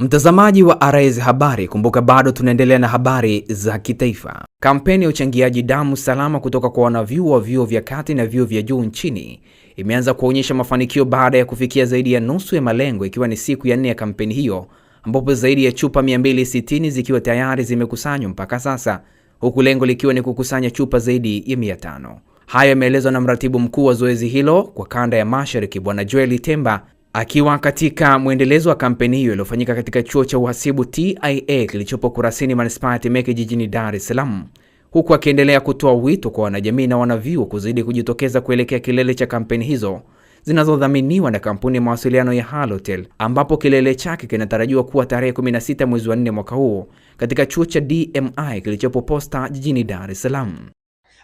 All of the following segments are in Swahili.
Mtazamaji wa Arise Habari, kumbuka bado tunaendelea na habari za kitaifa. Kampeni ya uchangiaji damu salama kutoka kwa wanavyuo wa vyuo vya kati na vyuo vya juu nchini imeanza kuonyesha mafanikio baada ya kufikia zaidi ya nusu ya malengo, ikiwa ni siku ya nne ya kampeni hiyo, ambapo zaidi ya chupa 260 zikiwa tayari zimekusanywa mpaka sasa, huku lengo likiwa ni kukusanya chupa zaidi ya 500. Hayo yameelezwa na mratibu mkuu wa zoezi hilo kwa kanda ya Mashariki, Bwana Joel Temba Akiwa katika mwendelezo wa kampeni hiyo iliyofanyika katika chuo cha uhasibu TIA kilichopo Kurasini manispaa ya Temeke jijini Dar es Salaam, huku akiendelea kutoa wito kwa wanajamii na wanavyuo kuzidi kujitokeza kuelekea kilele cha kampeni hizo zinazodhaminiwa na kampuni ya mawasiliano ya Halotel ambapo kilele chake kinatarajiwa kuwa tarehe 16 mwezi wa 4 mwaka huu katika chuo cha DMI kilichopo Posta jijini Dar es Salaam.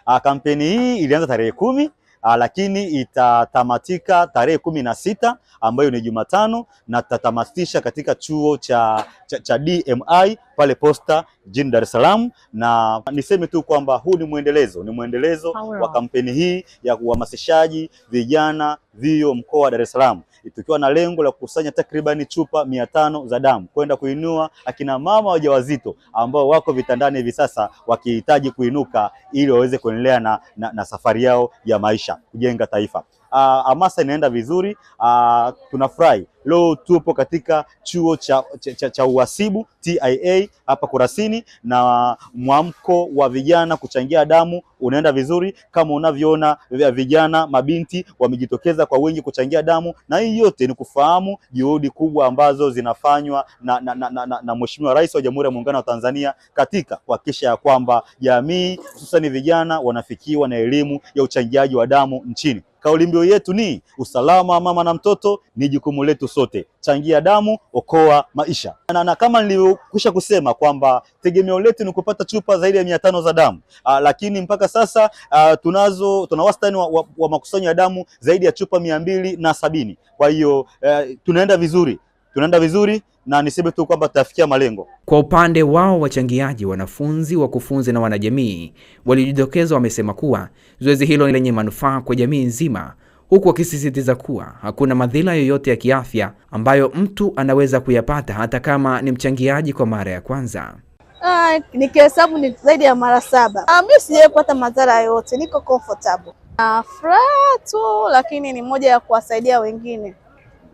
Ah, kampeni hii ilianza tarehe kumi Ah, lakini itatamatika tarehe kumi na sita ambayo ni Jumatano, na tatamatisha katika chuo cha, cha, cha DMI pale Posta jijini Dar es Salaam. Na niseme tu kwamba huu ni mwendelezo ni mwendelezo wa kampeni hii ya uhamasishaji vijana vio mkoa wa Dar es Salaam tukiwa na lengo la kukusanya takribani chupa mia tano za damu kwenda kuinua akina mama wajawazito ambao wako vitandani hivi sasa wakihitaji kuinuka ili waweze kuendelea na, na, na safari yao ya maisha kujenga taifa. Ah, amasa inaenda vizuri, ah, tunafurahi. Leo tupo katika chuo cha, cha, cha, cha uhasibu TIA hapa Kurasini, na mwamko wa vijana kuchangia damu unaenda vizuri kama unavyoona, vijana mabinti wamejitokeza kwa wingi kuchangia damu, na hii yote ni kufahamu juhudi kubwa ambazo zinafanywa na, na, na, na, na, na Mheshimiwa Rais wa Jamhuri ya Muungano wa Tanzania katika kuhakikisha ya kwamba jamii hususani vijana wanafikiwa na elimu ya uchangiaji wa damu nchini. Kauli mbiu yetu ni usalama wa mama na mtoto ni jukumu letu sote, changia damu, okoa maisha. Na, na kama nilivyokwisha kusema kwamba tegemeo letu ni kupata chupa zaidi ya mia tano za damu a, ah, lakini mpaka sasa a, ah, tunazo tuna wastani wa, wa, wa makusanyo ya damu zaidi ya chupa mia mbili na sabini. Kwa hiyo eh, tunaenda vizuri tunaenda vizuri na niseme tu kwamba tutafikia malengo. Kwa upande wao wachangiaji, wanafunzi, wakufunzi na wanajamii waliojitokeza wamesema kuwa zoezi hilo ni lenye manufaa kwa jamii nzima, huku wakisisitiza kuwa hakuna madhila yoyote ya kiafya ambayo mtu anaweza kuyapata hata kama ni mchangiaji kwa mara ya kwanza. Ah, nikihesabu ni zaidi ya mara saba. Ah, mimi sijawahi kupata madhara yoyote, niko comfortable na ah, furaha tu, lakini ni moja ya kuwasaidia wengine.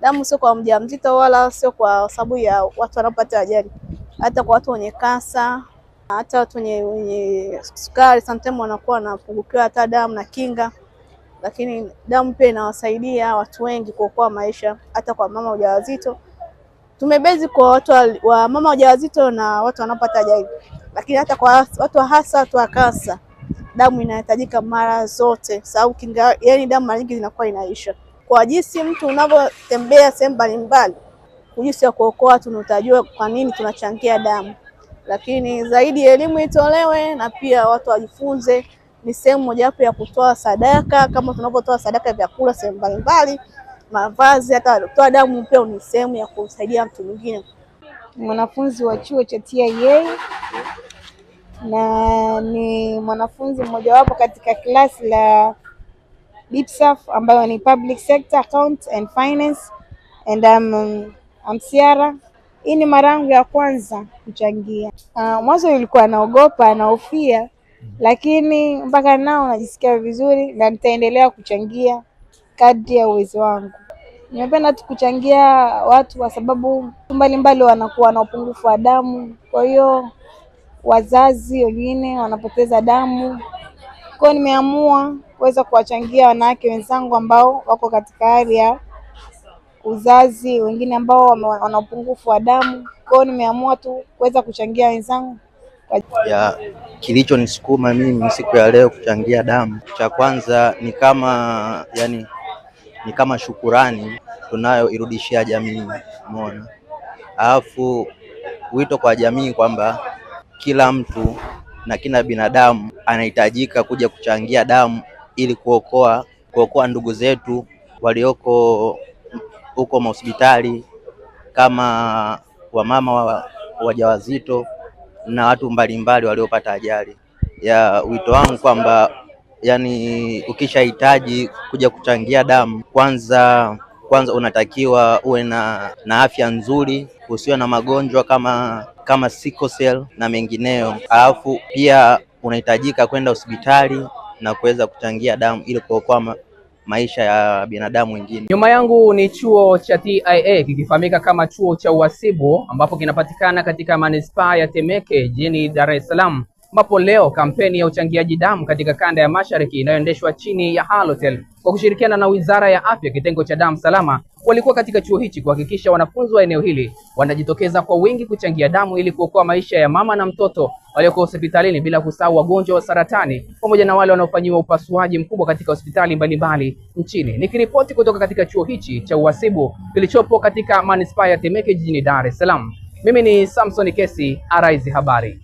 Damu sio kwa mjamzito wala sio kwa sababu ya watu wanapata ajali, hata kwa watu wenye kansa, hata watu wenye sukari sometimes wanakuwa wanapungukiwa hata damu na kinga, lakini damu pia inawasaidia watu wengi kuokoa maisha, hata kwa mama wajawazito. Tumebezi kwa watu wa mama wajawazito na watu wanaopata ajali, lakini hata kwa watu hasa watu wa kansa damu inahitajika mara zote, sababu kinga, yani damu mara nyingi zinakuwa inaisha kwa jinsi mtu unavyotembea sehemu mbalimbali, jinsi ya kuokoa watu, utajua kwa nini tunachangia damu. Lakini zaidi elimu itolewe na pia watu wajifunze. Ni sehemu mojawapo ya kutoa sadaka, kama tunavyotoa sadaka ya vyakula sehemu mbalimbali, mavazi, hata kutoa damu pia ni sehemu ya kumsaidia mtu mwingine. Mwanafunzi wa chuo cha TIA na ni mwanafunzi mmojawapo katika klasi la BIPSAF ambayo ni Public Sector Account and Finance and um, I'm, I'm Siara. Hii ni mara yangu ya kwanza kuchangia. Uh, mwanzo nilikuwa naogopa naofia, lakini mpaka nao najisikia vizuri na nitaendelea kuchangia kadri ya uwezo wangu. Nimependa tu kuchangia watu kwa sababu mbalimbali wanakuwa na upungufu wa damu, kwa hiyo wazazi wengine wanapoteza damu, kwa hiyo nimeamua kuweza kuwachangia wanawake wenzangu ambao wako katika hali ya uzazi, wengine ambao wana upungufu wa damu. Kwa hiyo nimeamua tu kuweza kuchangia wenzangu ya kilichonisukuma mimi siku ya leo kuchangia damu, cha kwanza ni kama yani, ni kama shukurani tunayoirudishia jamii, umeona. Alafu wito kwa jamii kwamba kila mtu na kila binadamu anahitajika kuja kuchangia damu ili kuokoa kuokoa ndugu zetu walioko huko mahospitali kama wamama wa wajawazito na watu mbalimbali waliopata ajali. Ya wito wangu kwamba yani, ukishahitaji kuja kuchangia damu, kwanza kwanza unatakiwa uwe na, na afya nzuri, usiwe na magonjwa kama kama sickle cell na mengineyo, alafu pia unahitajika kwenda hospitali na kuweza kuchangia damu ili kuokoa ma maisha ya binadamu wengine. Nyuma yangu ni chuo cha TIA kikifahamika kama chuo cha uhasibu ambapo kinapatikana katika manispaa ya Temeke jijini Dar es Salaam ambapo leo kampeni ya uchangiaji damu katika kanda ya Mashariki inayoendeshwa chini ya Halotel kwa kushirikiana na Wizara ya Afya kitengo cha damu salama walikuwa katika chuo hichi kuhakikisha wanafunzi wa eneo hili wanajitokeza kwa wingi kuchangia damu ili kuokoa maisha ya mama na mtoto walioko hospitalini, bila kusahau wagonjwa wa saratani pamoja na wale wanaofanyiwa upasuaji mkubwa katika hospitali mbalimbali nchini. Nikiripoti kutoka katika chuo hichi cha uhasibu kilichopo katika manispaa ya Temeke jijini Dar es Salaam, mimi ni Samson Kesi, Arise Habari.